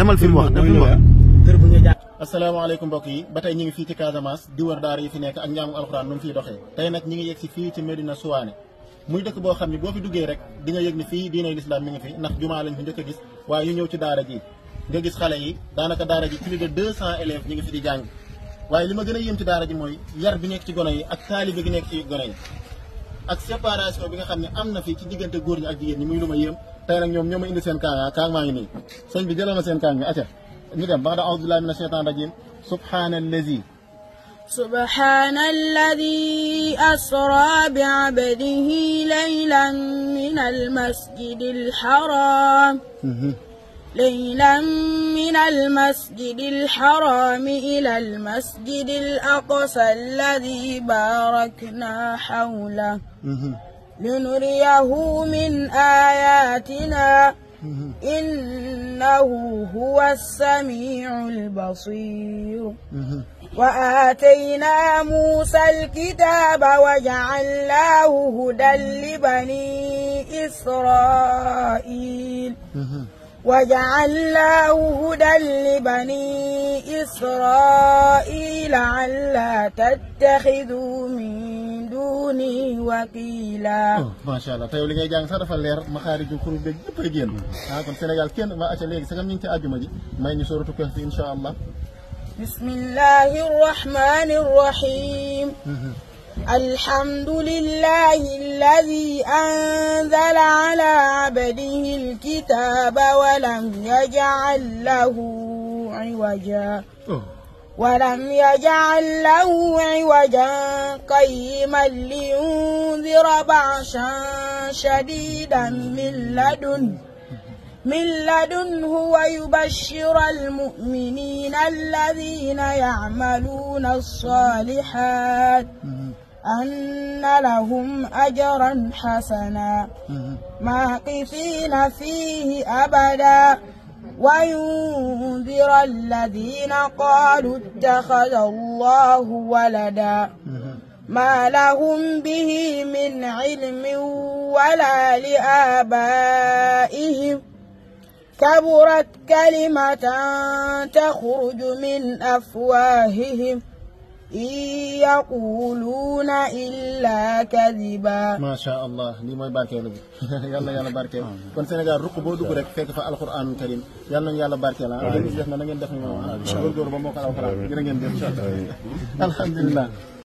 demal film wax demal film wax asalaamaaleykum mbokk yi ba tey ñu ngi fii ci Casamance di wër daara yi fi nekk ak njàngum alxuraan nu mu fiy doxee tey nag ñu ngi yegg si fii ci Medina Souane muy dëkk boo xam ne boo fi duggee rek di nga yëg ni fii diinay lislaam mi ngi fi ndax jumaa lañ fi njëkk a gis waaye ñu ñëw ci daara ji nga gis xale yi daanaka daara ji plus de deux cent élèves ñu ngi fi di jàng waaye li ma gën a yéem ci daara ji mooy yar bi nekk ci gone yi ak taalibe gi nekk ci gone yi ak séparation bi nga xamné amna fi ci digënté góor ñi ak jigéen ñi muy luma yëm tay nak ñom ñoma indi seen kaanga kaang ma ngi ni sëñ bi jëlama seen kaang bi acca ñu dem ba'da a'udhu billahi minash shaytan rajim subhanallazi سبحان الذي أسرى بعبده ليلا من المسجد الحرام ليلا من المسجد الحرام إلى المسجد الأقصى الذي باركنا حوله لنريه من آياتنا إنه هو السميع البصير وآتينا موسى الكتاب وجعلناه هدى لبني إسرائيل وجعلناه هدى لبني إسرائيل علا تتخذوا من دوني وكيلا ما شاء الله تيو طيب، لغاي جان صرف لير مخارج الخروج بك ييب ген ها كون سنغال كين ما اتا لغي سكام نينتي اجوما جي ماي ني سوره كهف ان شاء الله بسم الله الرحمن الرحيم الحمد لله الذي انزل على قبله الكتاب ولم يجعل له عوجا ولم يجعل له عوجا قيما لينذر بعشا شديدا من لدن من لدنه ويبشر المؤمنين الذين يعملون الصالحات أن لهم أجرا حسنا ماقفين فيه أبدا وينذر الذين قالوا اتخذ الله ولدا ما لهم به من علم ولا لآبائهم كبرت كلمة تخرج من أفواههم in yaquluuna illa kadiba macha allah lii mooy barkeelu bi yàlla yàlla barkeel kon Sénégal ruq boo dugg rek fekk fa alquranul karim yàlla nañu yàlla barkeel ah def na na ngeen def ni moom góorgóorlu ba moo ko alquran jërë ngeen jëf alhamdulilah